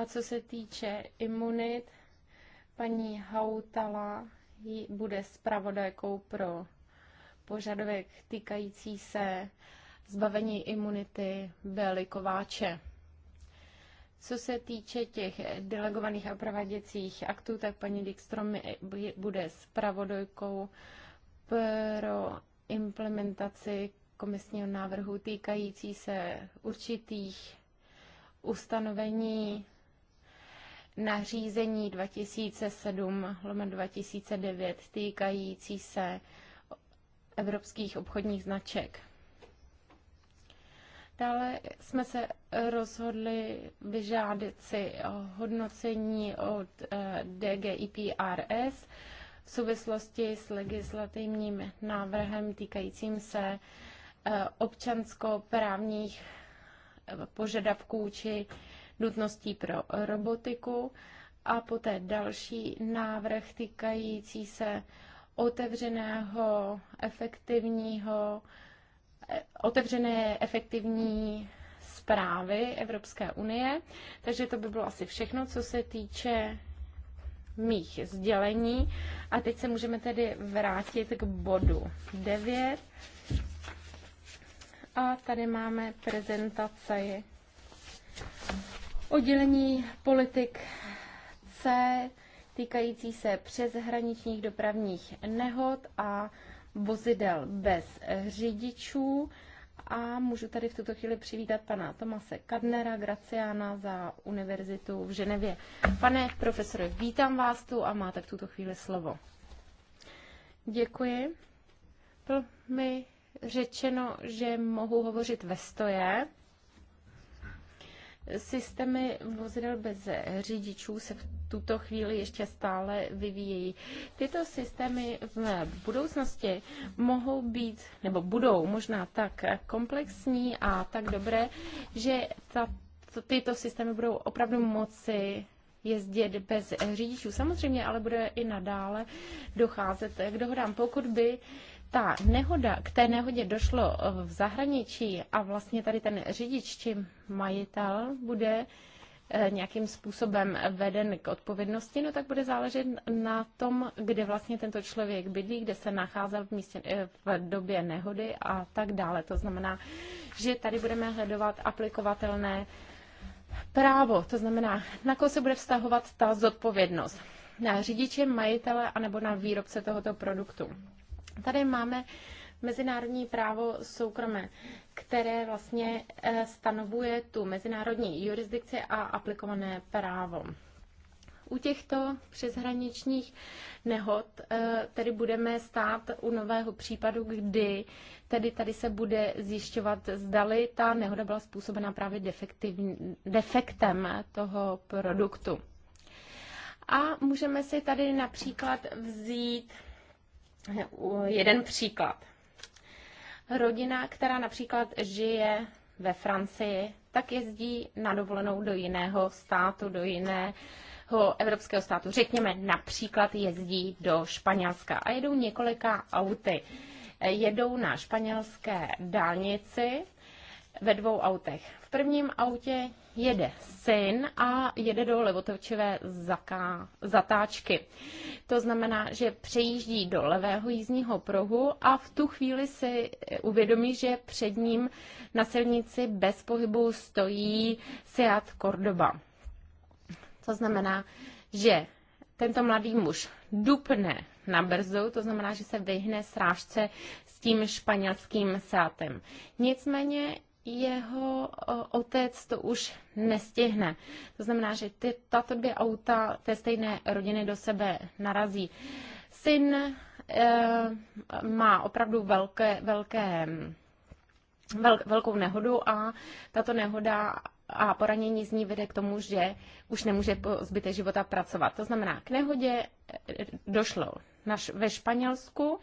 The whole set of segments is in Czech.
A co se týče imunit, paní Hautala bude zpravodajkou pro požadavek týkající se zbavení imunity Belikováče. Kováče. Co se týče těch delegovaných a prováděcích aktů, tak paní Dickstrom bude zpravodajkou pro implementaci komisního návrhu týkající se určitých ustanovení nařízení 2007 2009 týkající se evropských obchodních značek. Dále jsme se rozhodli vyžádat si hodnocení od eh, DGIPRS v souvislosti s legislativním návrhem týkajícím se eh, občanskoprávních požadavků či nutností pro robotiku a poté další návrh týkající se otevřeného, efektivního, eh, otevřené, efektivní zprávy Evropské unie. Takže to by bylo asi všechno, co se týče mých sdělení. A teď se můžeme tedy vrátit k bodu 9. A tady máme prezentaci oddělení politik C týkající se přeshraničních dopravních nehod a vozidel bez řidičů. A můžu tady v tuto chvíli přivítat pana Tomase Kadnera Graciana za Univerzitu v Ženevě. Pane profesore, vítám vás tu a máte v tuto chvíli slovo. Děkuji. Byl mi řečeno, že mohu hovořit ve stoje. Systémy vozidel bez řidičů se v tuto chvíli ještě stále vyvíjejí. Tyto systémy v budoucnosti mohou být, nebo budou možná tak komplexní a tak dobré, že ta, tyto systémy budou opravdu moci jezdit bez řidičů. Samozřejmě ale bude i nadále docházet k dohodám. Pokud by ta nehoda, k té nehodě došlo eh, v zahraničí a vlastně tady ten řidič či majitel bude eh, nějakým způsobem veden k odpovědnosti, no tak bude záležet na tom, kde vlastně tento člověk bydlí, kde se nacházel v, místě, eh, v době nehody a tak dále. To znamená, že tady budeme hledovat aplikovatelné právo, to znamená, na koho se bude vztahovat ta zodpovědnost. Na řidiče, majitele anebo na výrobce tohoto produktu. Tady máme mezinárodní právo soukromé, které vlastně eh, stanovuje tu mezinárodní jurisdikci a aplikované právo. U těchto přeshraničních nehod eh, tedy budeme stát u nového případu, kdy tedy tady se bude zjišťovat, zdali ta nehoda byla způsobena právě defektem toho produktu. A můžeme si tady například vzít jeden příklad. Rodina, která například žije ve Francii, tak jezdí na dovolenou do jiného státu, do jiného evropského státu. Řekněme, například jezdí do Španělska a jedou několika auty. Jedou na španělské dálnici ve dvou autech. V prvním autě jede syn a jede do levotočivé zaká, zatáčky. To znamená, že přejíždí do levého jízdního pruhu a v tu chvíli si uvědomí, že před ním na silnici bez pohybu stojí Seat Cordoba. To znamená, že tento mladý muž dupne na brzu, to znamená, že se vyhne srážce s tím španělským sátem. Nicméně jeho otec to už nestihne. To znamená, že ty, tato dvě auta té stejné rodiny do sebe narazí. Syn e, má opravdu velké, velké vel, velkou nehodu a tato nehoda a poranění z ní vede k tomu, že už nemůže po zbytek života pracovat. To znamená, k nehodě e, došlo naš, ve Španělsku.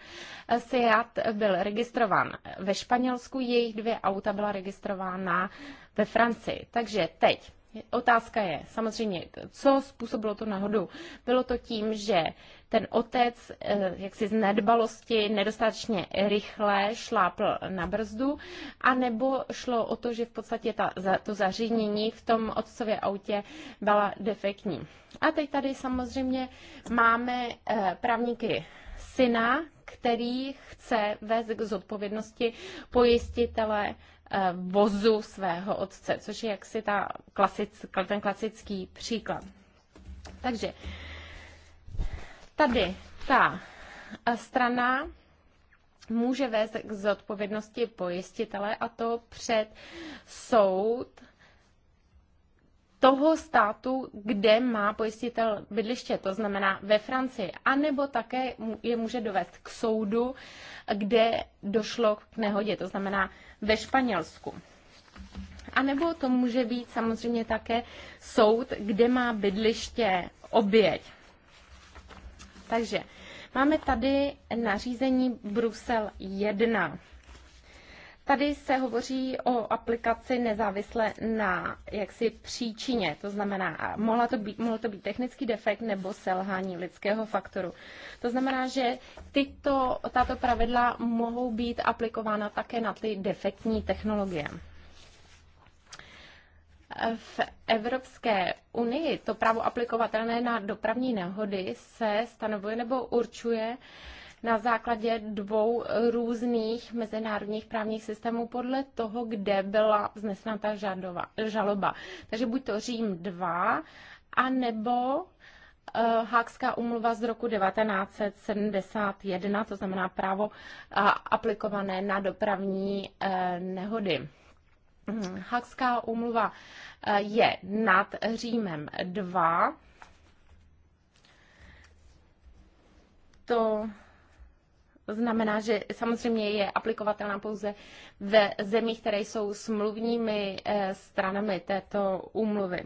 Seat byl registrován ve Španělsku, jejich dvě auta byla registrována ve Francii. Takže teď Otázka je samozřejmě, co způsobilo tu náhodu. Bylo to tím, že ten otec eh, jaksi z nedbalosti nedostatečně rychle šlápl na brzdu, anebo šlo o to, že v podstatě ta, to zařízení v tom otcově autě byla defektní. A teď tady samozřejmě máme eh, právníky syna, který chce vést k zodpovědnosti pojistitele Eh, vozu svého otce, což je jaksi ta klasick, ten klasický příklad. Takže tady ta eh, strana může vést k zodpovědnosti pojistitele a to před soud toho státu, kde má pojistitel bydliště, to znamená ve Francii, anebo také je může dovést k soudu, kde došlo k nehodě, to znamená ve Španělsku. A nebo to může být samozřejmě také soud, kde má bydliště oběť. Takže máme tady nařízení Brusel 1. Tady se hovoří o aplikaci nezávisle na jaksi příčině, to znamená, mohla to být, mohl to být technický defekt nebo selhání lidského faktoru. To znamená, že tyto, tato pravidla mohou být aplikována také na ty defektní technologie. V Evropské unii to právo aplikovatelné na dopravní nehody se stanovuje nebo určuje uh, na základě dvou různých mezinárodních právních systémů podle toho, kde byla vznesena ta žaloba. Takže buď to Řím 2, anebo eh, Hákská umluva z roku 1971, to znamená právo aplikované na dopravní eh, nehody. Mm, Hákská umluva eh, je nad Římem 2. To znamená, že samozřejmě je aplikovatelná pouze ve zemích, které jsou smluvními eh, stranami této úmluvy.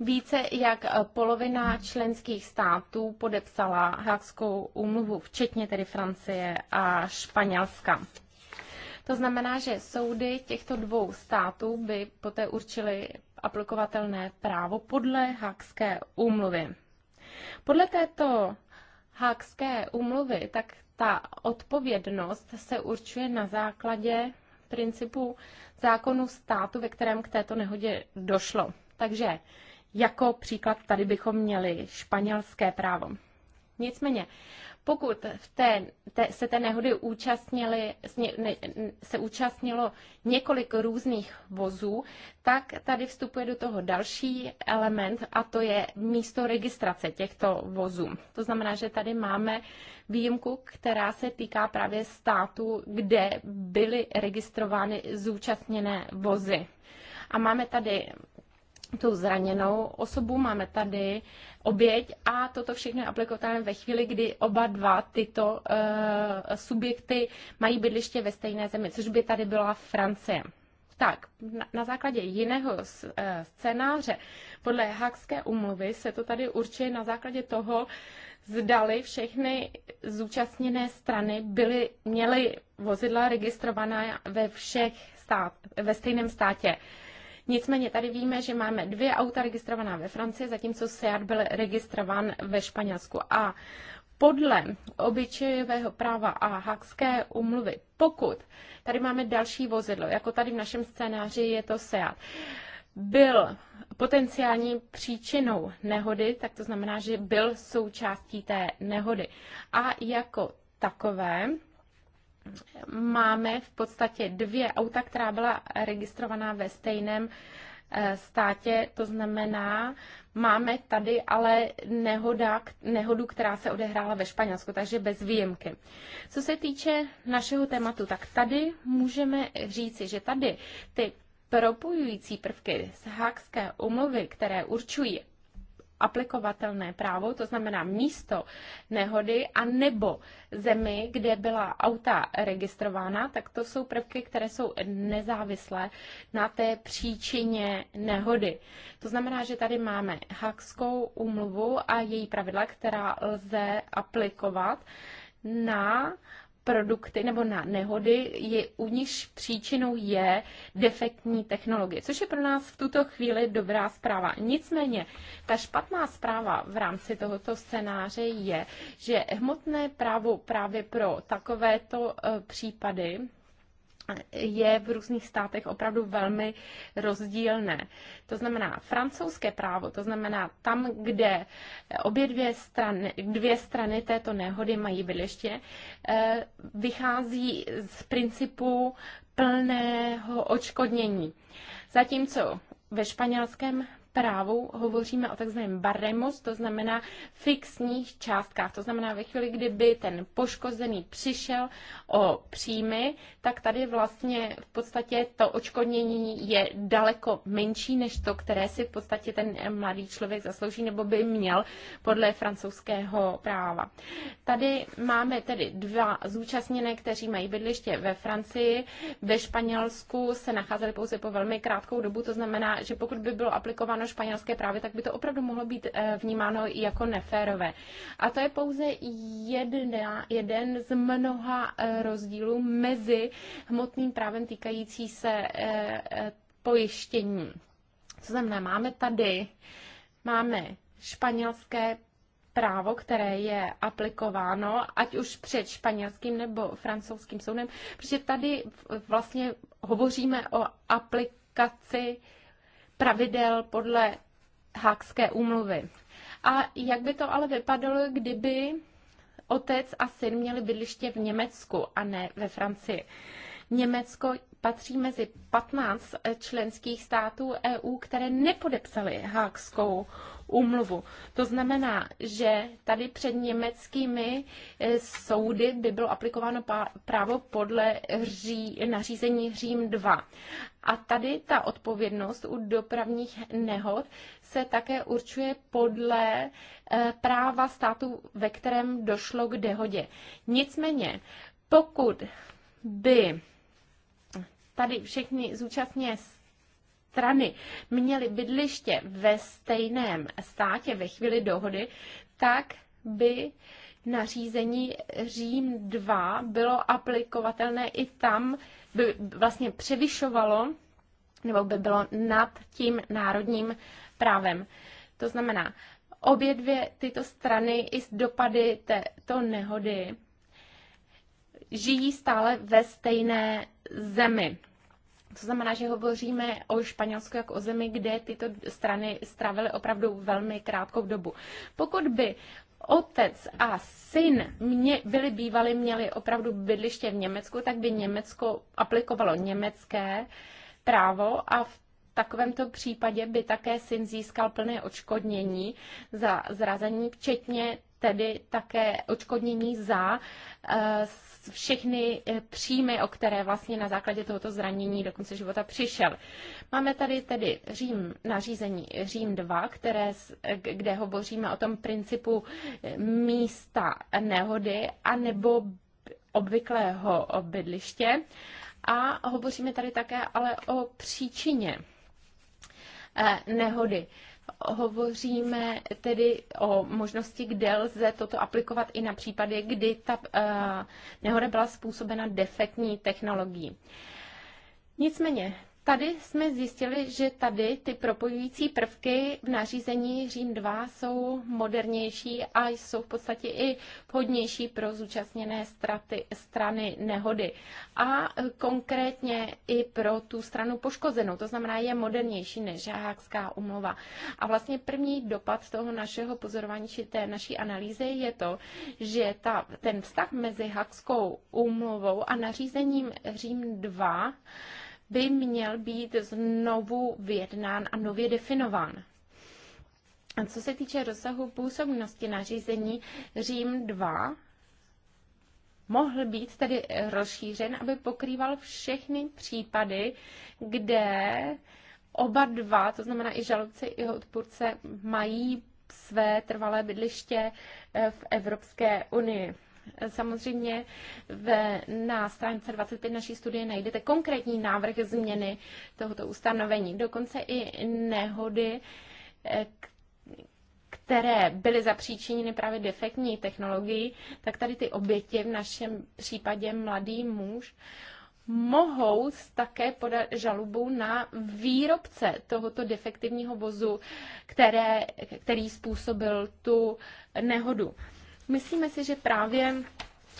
Více jak polovina členských států podepsala Hákskou úmluvu, včetně tedy Francie a Španělska. To znamená, že soudy těchto dvou států by poté určily aplikovatelné právo podle Hákské úmluvy. Podle této Hákské umluvy, tak ta odpovědnost se určuje na základě principu zákonu státu, ve kterém k této nehodě došlo. Takže jako příklad tady bychom měli španělské právo. Nicméně, pokud v té, te, se té nehody účastnili, ne, se účastnilo několik různých vozů, tak tady vstupuje do toho další element a to je místo registrace těchto vozů. To znamená, že tady máme výjimku, která se týká právě státu, kde byly registrovány zúčastněné vozy. A máme tady tou zraněnou osobu, máme tady oběť a toto všechno je aplikováno ve chvíli, kdy oba dva tyto uh, subjekty mají bydliště ve stejné zemi, což by tady byla Francie. Tak, na, na základě jiného eh, scénáře, podle Hakské umluvy se to tady určuje na základě toho, zdali všechny zúčastněné strany byly, měly vozidla registrované ve všech stát, ve stejném státě. Uh, Nicméně tady víme, že máme dvě auta registrovaná ve Francii, zatímco Seat byl registrován ve Španělsku. A podle obyčejového práva a hakské umluvy, pokud tady máme další vozidlo, jako tady v našem scénáři je to Seat, byl potenciální příčinou nehody, tak to znamená, že byl součástí té nehody. A jako takové máme v podstatě dvě auta, která byla registrovaná ve stejném eh, státě, to znamená, máme tady ale nehoda, nehodu, která se odehrála ve Španělsku, takže bez výjimky. Co se týče našeho tématu, tak tady můžeme říci, že tady ty propojující prvky z Hákské umluvy, které určují aplikovatelné právo, to znamená místo nehody a nebo zemi, kde byla auta registrována, tak to jsou prvky, které jsou nezávislé na té příčině nehody. To znamená, že tady máme Hakskou úmluvu a její pravidla, která lze aplikovat na produkty nebo na nehody, je, u nichž příčinou je defektní technologie, což je pro nás v tuto chvíli dobrá zpráva. Nicméně, ta špatná zpráva v rámci tohoto scénáře je, že hmotné právo právě pro takovéto e, případy je v různých státech opravdu velmi rozdílné. To znamená, francouzské právo, to znamená tam, kde obě dvě strany, dvě strany této nehody mají bydliště, eh, vychází z principu plného očkodnění. Zatímco ve španělském právu hovoříme o takzvaném baremus, to znamená fixních částkách. To znamená, ve chvíli, kdyby ten poškozený přišel o příjmy, tak tady vlastně v podstatě to očkodnění je daleko menší než to, které si v podstatě ten mladý člověk zaslouží nebo by měl podle francouzského práva. Tady máme tedy dva zúčastněné, kteří mají bydliště ve Francii. Ve Španělsku se nacházeli pouze po velmi krátkou dobu, to znamená, že pokud by bylo aplikováno vnímáno španělské právě, tak by to opravdu mohlo být eh, vnímáno i jako neférové. A to je pouze jedna, jeden z mnoha eh, rozdílů mezi hmotným právem týkající se eh, pojištění. Co znamená, máme tady, máme španělské právo, které je aplikováno, ať už před španělským nebo francouzským soudem, protože tady vlastně hovoříme o aplikaci pravidel podle Hákské úmluvy. A jak by to ale vypadalo, kdyby otec a syn měli bydliště v Německu a ne ve Francii? Německo patří mezi 15 členských států EU, které nepodepsaly Hákskou úmluvu. To znamená, že tady před německými eh, soudy by bylo aplikováno právo podle ří, nařízení Řím 2. A tady ta odpovědnost u dopravních nehod se také určuje podle eh, práva státu, ve kterém došlo k dehodě. Nicméně, pokud by tady všechny zúčastně strany měly bydliště ve stejném státě ve chvíli dohody, tak by nařízení Řím 2 bylo aplikovatelné i tam, by vlastně převyšovalo nebo by bylo nad tím národním právem. To znamená, obě dvě tyto strany i z dopady této nehody žijí stále ve stejné zemi. To znamená, že hovoříme o Španělsku jako o zemi, kde tyto strany strávily opravdu velmi krátkou dobu. Pokud by otec a syn mě, byli bývali, měli opravdu bydliště v Německu, tak by Německo aplikovalo německé právo a v takovémto případě by také syn získal plné odškodnění za zrazení, včetně tedy také očkodnění za eh, všechny eh, příjmy, o které vlastně na základě tohoto zranění do konce života přišel. Máme tady tedy Řím, nařízení Řím 2, které, eh, kde hovoříme o tom principu místa nehody a nebo obvyklého bydliště. A hovoříme tady také ale o příčině nehody hovoříme tedy o možnosti, kde lze toto aplikovat i na případy, kdy ta eh, nehoda byla způsobena defektní technologií. Nicméně Tady jsme zjistili, že tady ty propojující prvky v nařízení Řím 2 jsou modernější a jsou v podstatě i vhodnější pro zúčastněné straty, strany nehody. A konkrétně i pro tu stranu poškozenou, to znamená je modernější než Hákská umlova. A vlastně první dopad toho našeho pozorování či té naší analýzy je to, že ta, ten vztah mezi Hákskou umluvou a nařízením Řím 2 by měl být znovu vyjednán a nově definován. A co se týče rozsahu působnosti nařízení Řím 2, mohl být tedy rozšířen, aby pokrýval všechny případy, kde oba dva, to znamená i žalobce, i odpůrce, mají své trvalé bydliště eh, v Evropské unii. Samozřejmě ve, na stránce 25 naší studie najdete konkrétní návrh změny tohoto ustanovení. Dokonce i nehody, eh, které byly zapříčiněny právě defektní technologií, tak tady ty oběti, v našem případě mladý muž, mohou také podat žalobu na výrobce tohoto defektivního vozu, které, který způsobil tu nehodu. Myslíme si, že právě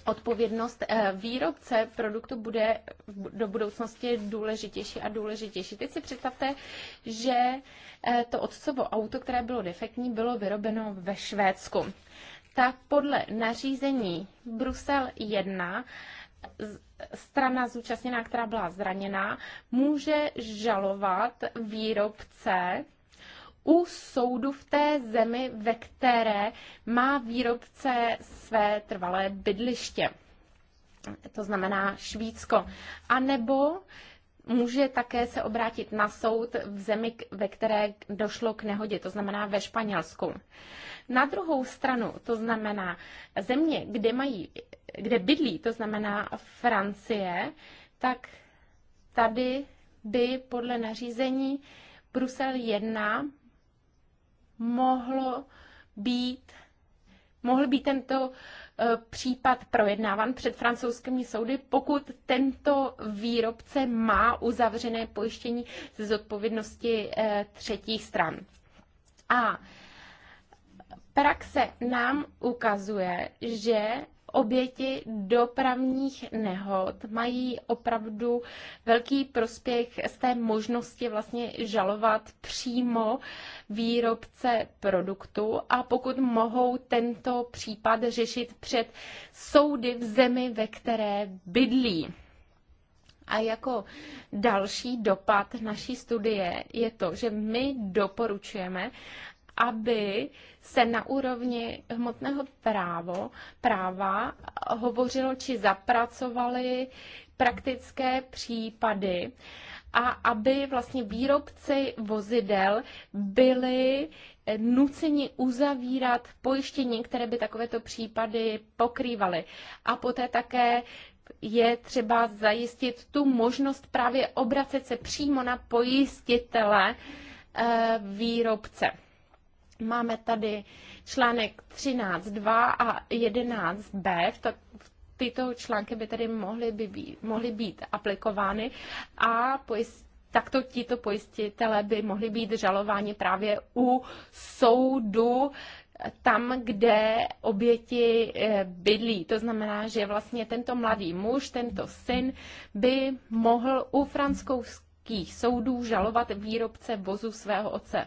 odpovědnost eh, výrobce produktu bude do budoucnosti důležitější a důležitější. Teď si představte, že eh, to otcovo auto, které bylo defektní, bylo vyrobeno ve Švédsku. Tak podle nařízení Brusel 1 strana zúčastněná, která byla zraněná, může žalovat výrobce u soudu v té zemi, ve které má výrobce své trvalé bydliště, to znamená Švýcko. A nebo může také se obrátit na soud v zemi, ve které došlo k nehodě, to znamená ve Španělsku. Na druhou stranu, to znamená země, kde, mají, kde bydlí, to znamená Francie, tak tady by podle nařízení Brusel 1 mohlo být, mohl být tento eh, případ projednávan před francouzskými soudy, pokud tento výrobce má uzavřené pojištění ze zodpovědnosti eh, třetích stran. A praxe nám ukazuje, že oběti dopravních nehod mají opravdu velký prospěch z té možnosti vlastně žalovat přímo výrobce produktu a pokud mohou tento případ řešit před soudy v zemi, ve které bydlí. A jako další dopad naší studie je to, že my doporučujeme, aby se na úrovni hmotného právo, práva hovořilo či zapracovali praktické případy a aby vlastně výrobci vozidel byli eh, nuceni uzavírat pojištění, které by takovéto případy pokrývaly. A poté také je třeba zajistit tu možnost právě obracet se přímo na pojistitele eh, výrobce. Máme tady článek 13.2 a 11b. tak tyto články by tedy mohly, by být, mohly být aplikovány a pojist, takto tito pojistitele by mohli být žalováni právě u soudu tam, kde oběti eh, bydlí. To znamená, že vlastně tento mladý muž, tento syn by mohl u francouzských soudů žalovat výrobce vozu svého otce.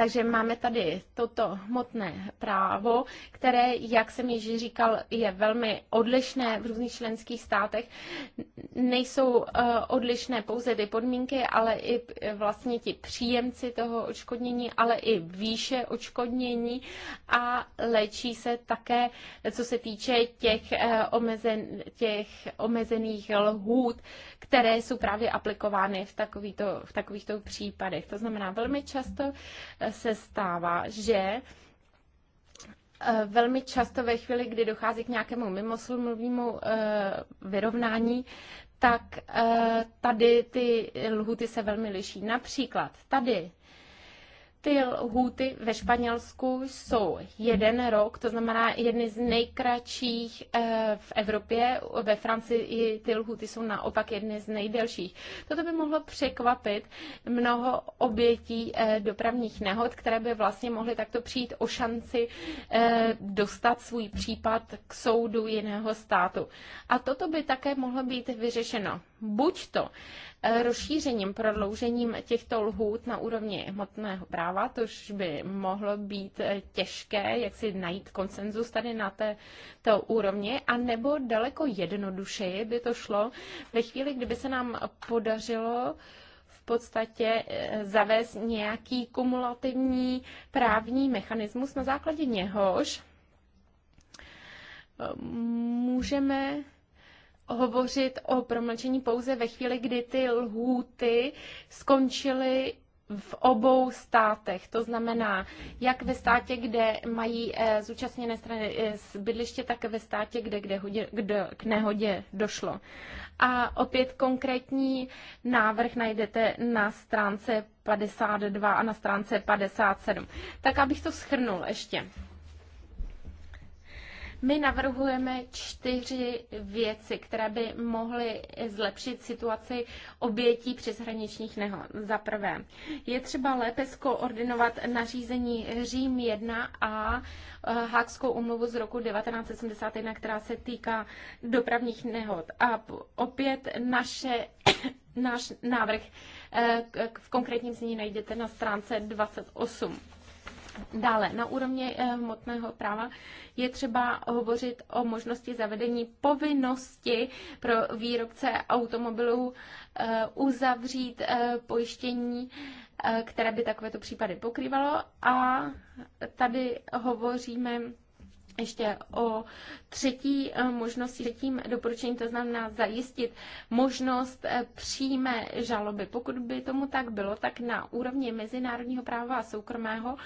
Takže máme tady toto hmotné právo, které, jak jsem již říkal, je velmi odlišné v různých členských státech. Nejsou eh, odlišné pouze ty podmínky, ale i eh, vlastně ti příjemci toho očkodnění, ale i výše očkodnění a léčí se také, co se týče těch, eh, omezen, těch omezených lhůt, které jsou právě aplikovány v, takovýto, v takovýchto případech. To znamená, velmi často se stává, že eh, velmi často ve chvíli, kdy dochází k nějakému mimoslomovnímu eh, vyrovnání, tak eh, tady ty lhuty se velmi liší. Například tady ty lhůty ve Španělsku jsou jeden rok, to znamená jedny z nejkratších eh, v Evropě. Ve Francii ty lhůty jsou naopak jedny z nejdelších. Toto by mohlo překvapit mnoho obětí eh, dopravních nehod, které by vlastně mohly takto přijít o šanci eh, dostat svůj případ k soudu jiného státu. A toto by také mohlo být vyřešeno. Buď to Eh, rozšířením, prodloužením těchto lhůt na úrovni hmotného práva, tož by mohlo být eh, těžké, jak si najít konsenzus tady na této úrovni, a nebo daleko jednodušeji by to šlo ve chvíli, kdyby se nám podařilo v podstatě eh, zavést nějaký kumulativní právní mechanismus, na základě něhož můžeme hovořit o promlčení pouze ve chvíli, kdy ty lhůty skončily v obou státech. To znamená, jak ve státě, kde mají eh, zúčastněné strany eh, bydliště, tak ve státě, kde, kde, hodě, kde k nehodě došlo. A opět konkrétní návrh najdete na stránce 52 a na stránce 57. Tak abych to schrnul ještě. My navrhujeme čtyři věci, které by mohly zlepšit situaci obětí přeshraničních nehod. Za prvé, je třeba lépe skoordinovat nařízení Řím 1 a e, Hákskou umluvu z roku 1971, která se týká dopravních nehod. A opět naše, náš návrh e, v konkrétním zní najdete na stránce 28. Dále, na úrovni eh, hmotného práva je třeba hovořit o možnosti zavedení povinnosti pro výrobce automobilů eh, uzavřít eh, pojištění, které by takovéto případy pokrývalo. A tady hovoříme ještě o třetí eh, možnosti, třetím doporučení, to znamená zajistit možnost eh, přímé žaloby. Pokud by tomu tak bylo, tak na úrovni mezinárodního práva a soukromého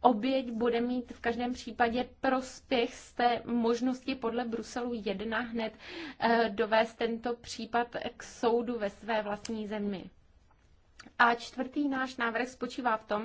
oběť bude mít v každém případě prospěch z té možnosti podle Bruselu 1 hned eh, dovést tento případ k soudu ve své vlastní zemi. A čtvrtý náš návrh spočívá v tom,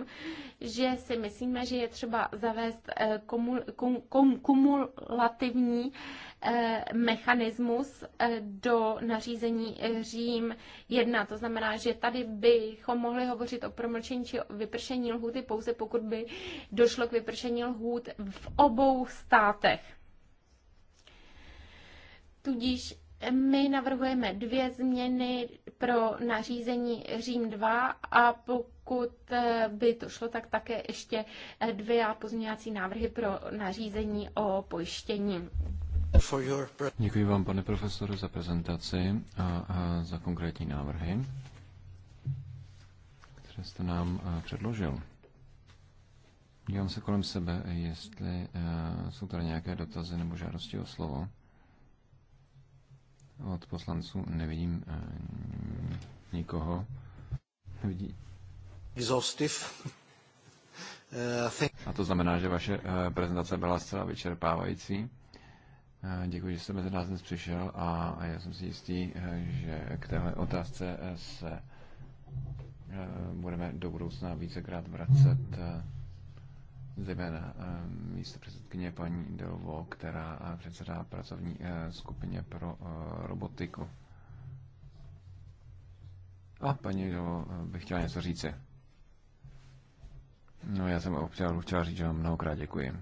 že si myslíme, že je třeba zavést eh, komul, kum, kum, kumulativní eh, mechanismus eh, do nařízení Řím 1. To znamená, že tady bychom mohli hovořit o promlčení či vypršení lhůty pouze pokud by došlo k vypršení lhůt v obou státech. Tudíž my navrhujeme dvě změny pro nařízení Řím 2 a pokud eh, by to šlo, tak také ještě eh, dvě pozměňovací návrhy pro nařízení o pojištění. Děkuji vám, pane profesore, za prezentaci a, za konkrétní návrhy, které jste nám eh, předložil. Dívám se kolem sebe, jestli jsou tady nějaké dotazy nebo žádosti o slovo. Od poslanců nevidím eh, nikoho. Vidí. Exhaustiv. Eh, a to znamená, že vaše eh, prezentace byla zcela vyčerpávající. Děkuji, že jste mezi nás dnes přišel a já jsem si jistý, že k téhle otázce se budeme do budoucna vícekrát vracet zejména eh, místo předsedkyně paní Delvo, která eh, předsedá pracovní eh, skupině pro robotiku. A paní Delvo bych chtěla něco říci. No já jsem opravdu chtěla říct, že vám mnohokrát děkuji.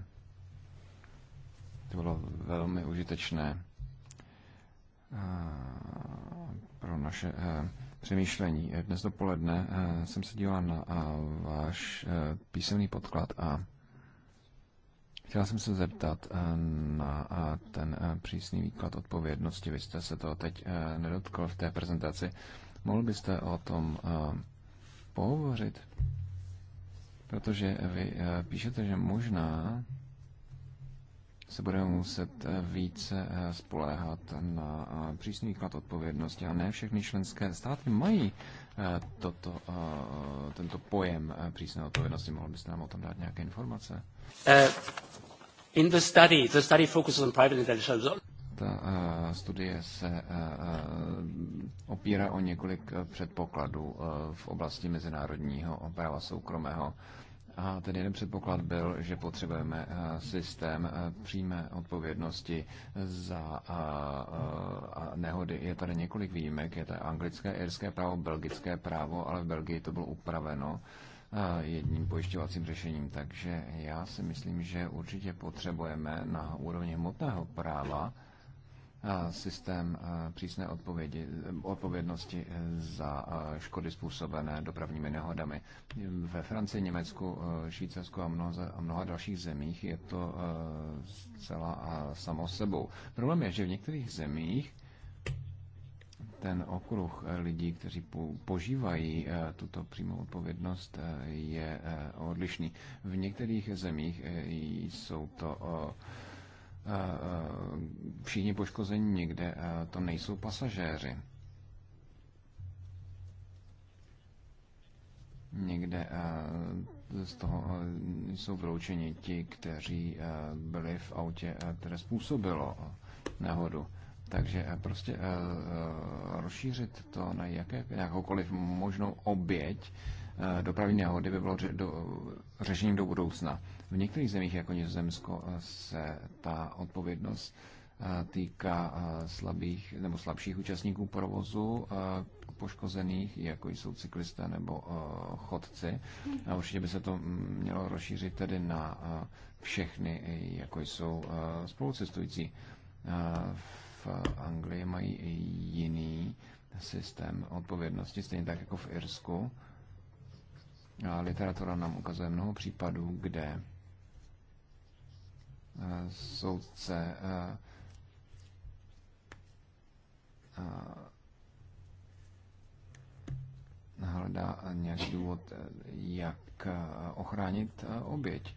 To bylo velmi užitečné pro naše přemýšlení. Dnes dopoledne jsem se dívala na váš písemný podklad a Chtěla jsem se zeptat eh, na eh, ten eh, přísný výklad odpovědnosti. Vy jste se toho teď nedotkl v té prezentaci. Mohl byste o tom pohovořit? Protože vy píšete, že možná se budeme muset více spoléhat na přísný výklad odpovědnosti. A ne všechny členské státy mají toto, tento pojem přísné odpovědnosti. Mohl byste nám o tom dát nějaké informace? Uh, in the study, the study focuses on private intelligence. Ta uh, studie se uh, uh opírá o několik uh, předpokladů uh, v oblasti mezinárodního práva soukromého. A ten jeden předpoklad byl, že potřebujeme systém přímé odpovědnosti za nehody. Je tady několik výjimek, je to anglické, irské právo, belgické právo, ale v Belgii to bylo upraveno jedním pojišťovacím řešením. Takže já si myslím, že určitě potřebujeme na úrovni hmotného práva systém přísné odpovědi, odpovědnosti za škody způsobené dopravními nehodami. Ve Francii, Německu, Švýcarsku a mnoha, a mnoha dalších zemích je to zcela samo sebou. Problém je, že v některých zemích ten okruh eh, lidí, kteří požívají eh, tuto přímou odpovědnost, eh, je odlišný. V některých zemích jsou to všichni poškození, někde to nejsou pasažéři. Někde z toho jsou vyloučeni ti, kteří byli v autě, které způsobilo nehodu. Takže eh, prostě eh, eh, rozšířit to na jaké, jakoukoliv možnou oběť dopravní nehody by bylo do, řešením do budoucna. V některých zemích, jako Nizozemsko, se ta odpovědnost týká slabých nebo slabších účastníků provozu poškozených, jako jsou cyklisté nebo chodci. A určitě by se to mm, mělo rozšířit tedy na všechny, jako jsou spolucestující v Anglii mají jiný systém odpovědnosti, stejně tak jako v Irsku. A literatura nám ukazuje mnoho případů, kde eh, soudce eh, eh, hledá nějaký důvod, jak ochránit oběť.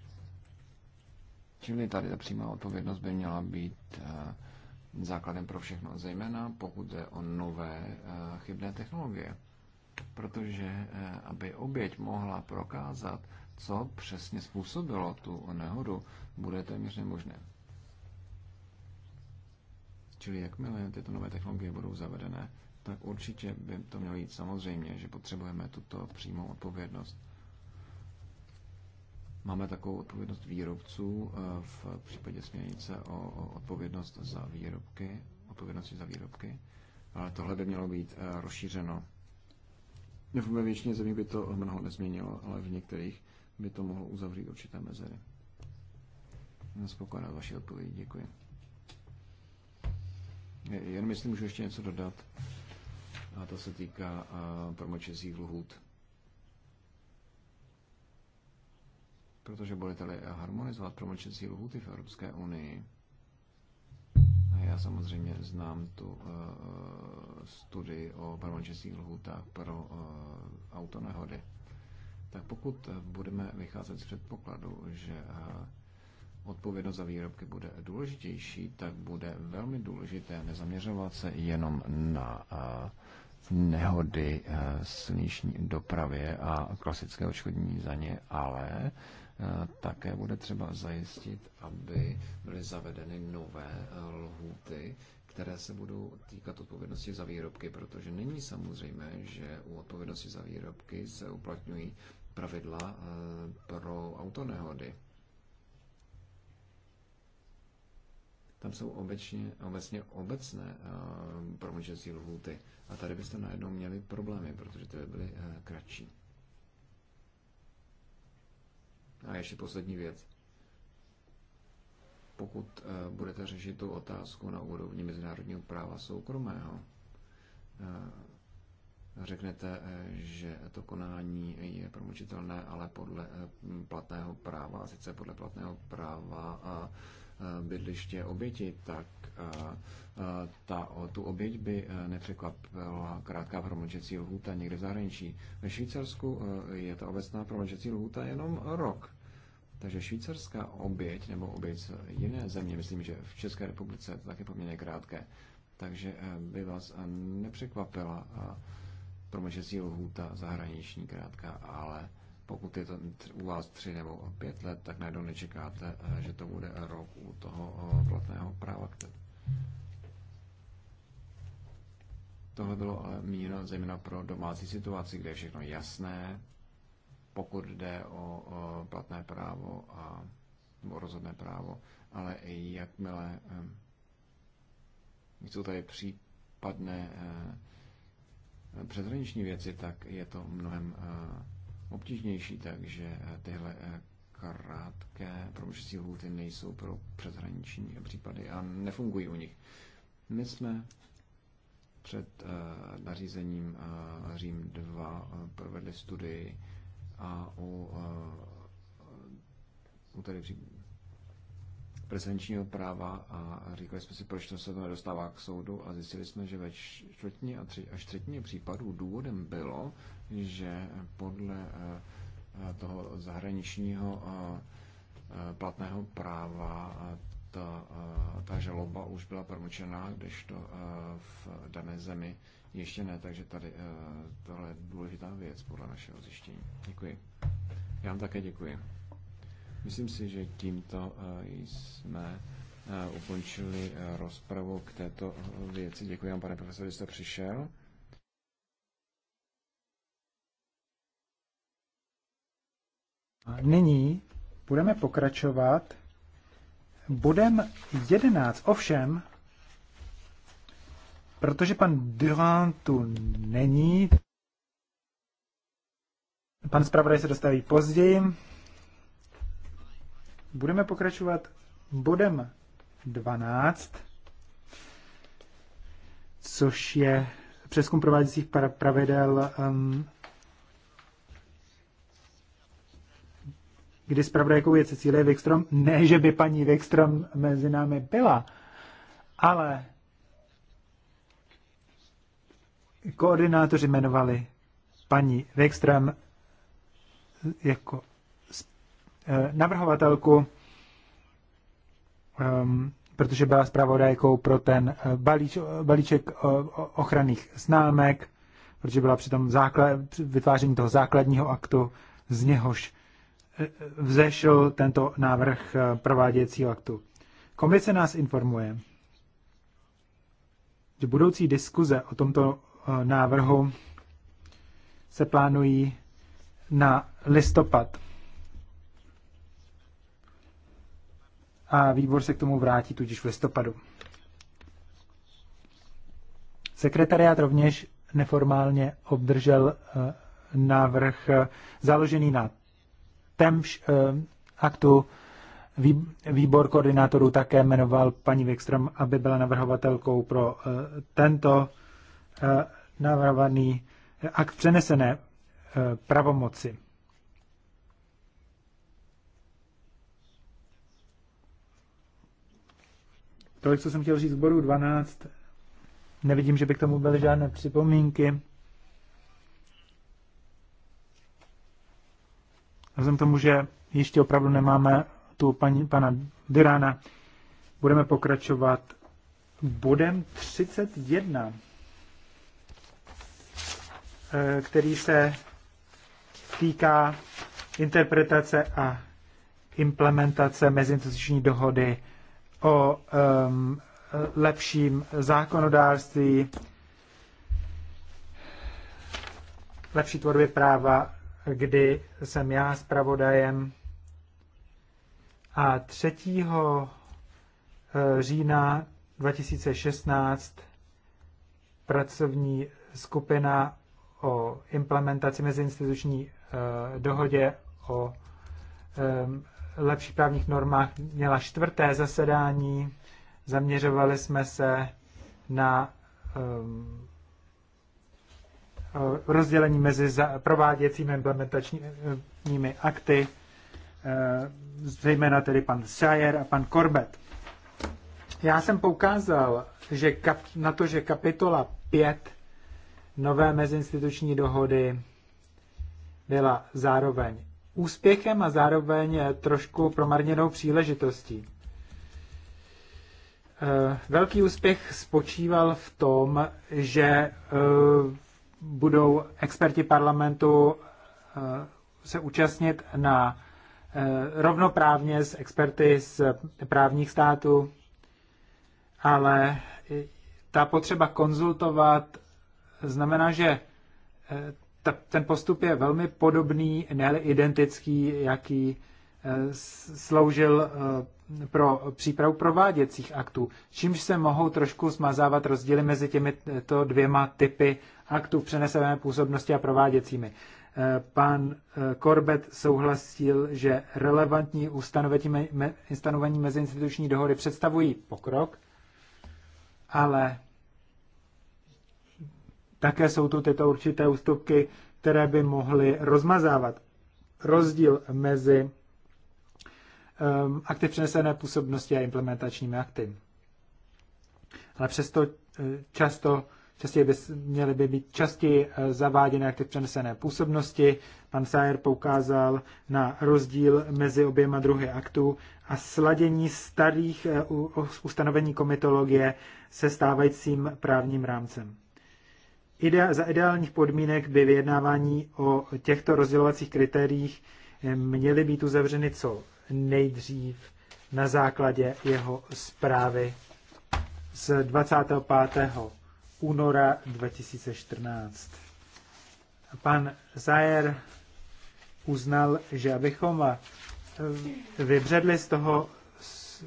Čili tady ta přímá odpovědnost by měla být základem pro všechno, zejména pokud jde o nové eh, chybné technologie. Protože eh, aby oběť mohla prokázat, co přesně způsobilo tu nehodu, bude téměř nemožné. Čili jakmile tyto nové technologie budou zavedené, tak určitě by to mělo jít samozřejmě, že potřebujeme tuto přímou odpovědnost. Máme takovou odpovědnost výrobců eh, v případě směrnice o odpovědnost za výrobky, odpovědnosti za výrobky, ale tohle by mělo být eh, rozšířeno. V většině zemí by to mnoho nezměnilo, ale v některých by to mohlo uzavřít určité mezery. Spokojená vaší odpovědi, děkuji. Jen myslím, můžu ještě něco dodat. A to se týká eh, promlčecích lhůt. Protože budete-li harmonizovat promlčecí lhuty v Evropské unii, a já samozřejmě znám tu uh, studii o promlčecích lhutách pro uh, autonehody, tak pokud eh, budeme vycházet z předpokladu, že uh, odpovědnost za výrobky bude důležitější, tak bude velmi důležité nezaměřovat se jenom na nehody silniční dopravě a klasické odškodnění za ně, ale Eh, také bude třeba zajistit, aby byly zavedeny nové eh, lhuty, které se budou týkat odpovědnosti za výrobky, protože není samozřejmé, že u odpovědnosti za výrobky se uplatňují pravidla eh, pro autonehody. Tam jsou obecně, obecně obecné promlčecí lhůty a tady byste najednou měli problémy, protože ty by byly kratší. A ještě poslední věc. Pokud eh, budete řešit tu otázku na úrovni mezinárodního práva soukromého, eh, řeknete, eh, že to konání je promlčitelné, ale podle platného práva, sice podle platného práva a Eh, bydliště oběti, tak eh, eh, ta, tu oběť by nepřekvapila krátká promlčecí lhůta někde v zahraničí. Ve Švýcarsku je ta obecná promlčecí lhůta jenom rok. Takže švýcarská oběť nebo oběť z jiné země, myslím, že v České republice to taky poměrně krátké, takže by vás nepřekvapila promlčecí lhůta zahraniční krátká, ale pokud je to u vás tři nebo pět let, tak najednou nečekáte, že to bude rok Tohle bylo ale zejména pro domácí situaci, kde je všechno jasné, pokud jde o, o platné právo a o rozhodné právo, ale i jakmile jsou tady případné eh, přeshraniční věci, tak je to mnohem eh, obtížnější, takže eh, tyhle krátké promlčecí lhůty nejsou pro přeshraniční případy a nefungují u nich. My jsme před eh, nařízením eh, Řím 2 eh, provedli studii a u, u tedy prezenčního práva a říkali jsme si, proč to se to nedostává k soudu a zjistili jsme, že ve čtvrtině a tři, až třetině případů důvodem bylo, že podle toho zahraničního platného práva ta, eh, ta žaloba už byla promlčená, kdežto eh, v dané zemi ještě ne, takže tady eh, tohle je důležitá věc podle našeho zjištění. Děkuji. Já vám také děkuji. Myslím si, že tímto jsme ukončili rozpravu k této věci. Děkuji vám, pane profesor, že jste přišel. nyní budeme pokračovat Bodem 11 ovšem, protože pan Durant tu není, pan zpravodaj se dostaví později, budeme pokračovat bodem 12, což je přeskum prováděcích pravidel um, kdy zpravodajkou je Cecílie Wikstrom. Ne, že by paní Wikstrom mezi námi byla, ale koordinátoři jmenovali paní Wikström jako eh, navrhovatelku, ehm, protože byla zpravodajkou pro ten eh, balíč, balíček eh, ochranných známek, protože byla při tom základ, vytváření toho základního aktu, z něhož vzešel tento návrh eh, prováděcí aktu. Komise nás informuje, že budoucí diskuze o tomto eh, návrhu se plánují na listopad. A výbor se k tomu vrátí tudíž v listopadu. Sekretariát rovněž neformálně obdržel eh, návrh založený na témž eh, aktu výbor koordinátorů také jmenoval paní Wikström, aby byla navrhovatelkou pro eh, tento eh, navrhovaný akt přenesené pravomoci. Tolik, co jsem chtěl říct z bodu 12. Nevidím, že by k tomu byly žádné připomínky. vzhledem tomu, že ještě opravdu nemáme tu paní, pana Dyrána, budeme pokračovat bodem 31, eh, který se týká interpretace a implementace mezinstituční dohody o um, lepším zákonodárství, lepší tvorbě práva kdy jsem já zpravodajem. A 3. E, října 2016 pracovní skupina o implementaci meziinstituční e, dohodě o e, lepších právních normách měla čtvrté zasedání. Zaměřovali jsme se na Eh, rozdělení mezi prováděcími implementačními akty, eh, zejména tedy pan Shire a pan Corbett. Já jsem poukázal že kap, na to, že kapitola 5 nové mezinstituční dohody byla zároveň úspěchem a zároveň trošku promarněnou příležitostí. Eh, velký úspěch spočíval v tom, že budou experti parlamentu eh, se účastnit na eh, rovnoprávně s experty z právních států, ale ta potřeba konzultovat znamená, že eh, ten postup je velmi podobný, ne identický, jaký sloužil pro přípravu prováděcích aktů, čímž se mohou trošku smazávat rozdíly mezi těmito dvěma typy aktů přenesené působnosti a prováděcími. Eh, pan Korbet eh, souhlasil, že relevantní ustanovení meziinstituční dohody představují pokrok, ale také jsou tu tyto určité ústupky, které by mohly rozmazávat rozdíl mezi um, akty přenesené působnosti a implementačními akty. Ale přesto eh, často častěji by, měly by být častěji eh, zaváděny ty přenesené působnosti. Pan Sajer poukázal na rozdíl mezi oběma druhy aktů a sladění starých eh, ustanovení komitologie se stávajícím právním rámcem. Ide, za ideálních podmínek by vyjednávání o těchto rozdělovacích kritériích eh, měly být uzavřeny co nejdřív na základě jeho zprávy z 25 února 2014. Pan Zajer uznal, že abychom eh, vybředli z toho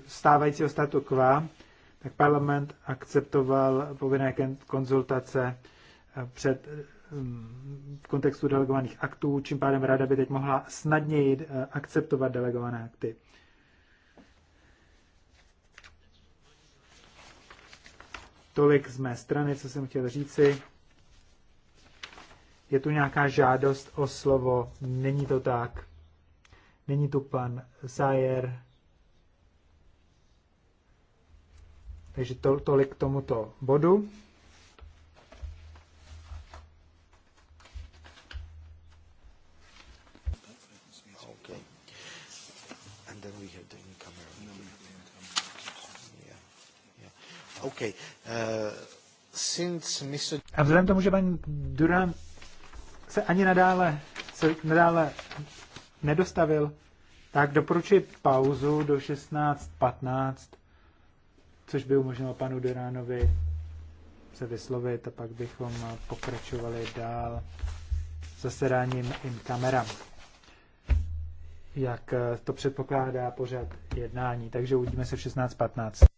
stávajícího statu quo, tak parlament akceptoval povinné konzultace eh, před hm, v kontextu delegovaných aktů, čím pádem rada by teď mohla snadněji eh, akceptovat delegované akty. Tolik z mé strany, co jsem chtěl říci. Je tu nějaká žádost o slovo, není to tak. Není tu pan Sayer. Takže to, tolik k tomuto bodu. smysl... A vzhledem tomu, že paní Duran se ani nadále, se nadále nedostavil, tak doporučuji pauzu do 16.15, což by umožnilo panu Duránovi se vyslovit a pak bychom pokračovali dál zasedáním in kamera, jak to předpokládá pořad jednání. Takže uvidíme se v 16.15.